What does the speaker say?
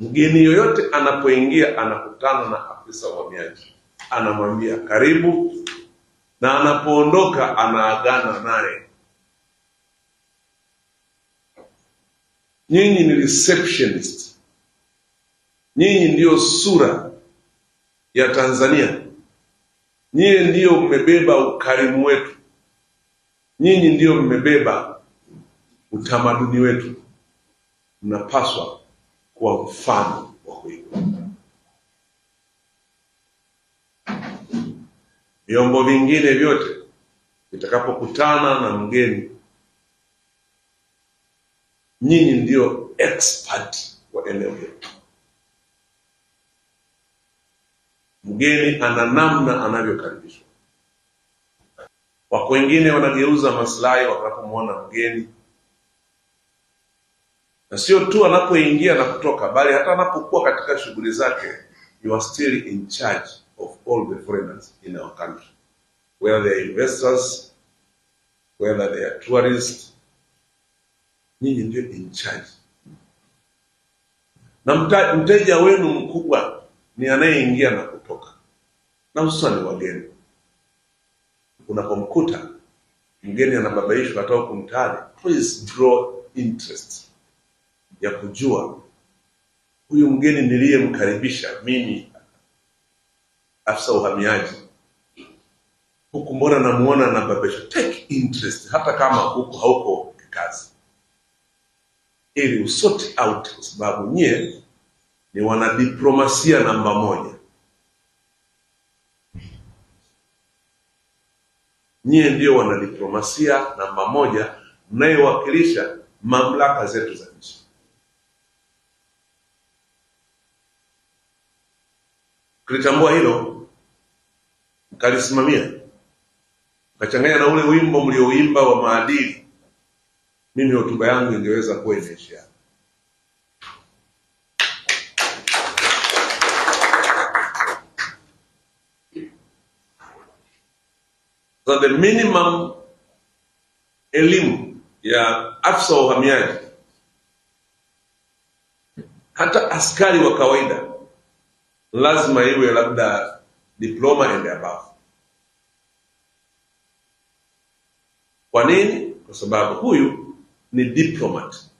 Mgeni yoyote anapoingia anakutana na afisa uhamiaji, anamwambia karibu, na anapoondoka anaagana naye. Nyinyi ni receptionist, nyinyi ndiyo sura ya Tanzania, nyinyi ndiyo mmebeba ukarimu wetu, nyinyi ndiyo mmebeba utamaduni wetu mnapaswa kuwa mfano wa kuigwa. Vyombo vingine vyote vitakapokutana na mgeni, nyinyi ndio expert wa eneo hilo. Mgeni ana namna anavyokaribishwa. Wako wengine wanageuza maslahi wakapomwona mgeni na sio tu anapoingia na kutoka, bali hata anapokuwa katika shughuli zake, you are still in charge of all the foreigners in our country whether they are investors whether they are tourists, nyinyi ndio in charge. Na mta, mteja wenu mkubwa ni anayeingia na kutoka, na hususani wageni. Unapomkuta mgeni anababaishwa hata kumtaani, please draw interest ya kujua huyu mgeni niliyemkaribisha mimi afisa uhamiaji huku mbona namuona na babesha take interest hata kama huku hauko kikazi ili usort out kwa sababu nyie ni wanadiplomasia namba moja nyie ndio wanadiplomasia namba moja mnayewakilisha mamlaka zetu za nchi Kilitambua hilo mkalisimamia, mkachanganya na ule wimbo mliouimba wa maadili, mimi hotuba yangu ingeweza kuwa So the minimum elimu ya afisa wa uhamiaji, hata askari wa kawaida lazima iwe labda diploma and above. Kwa nini? Kwa sababu huyu ni diplomat.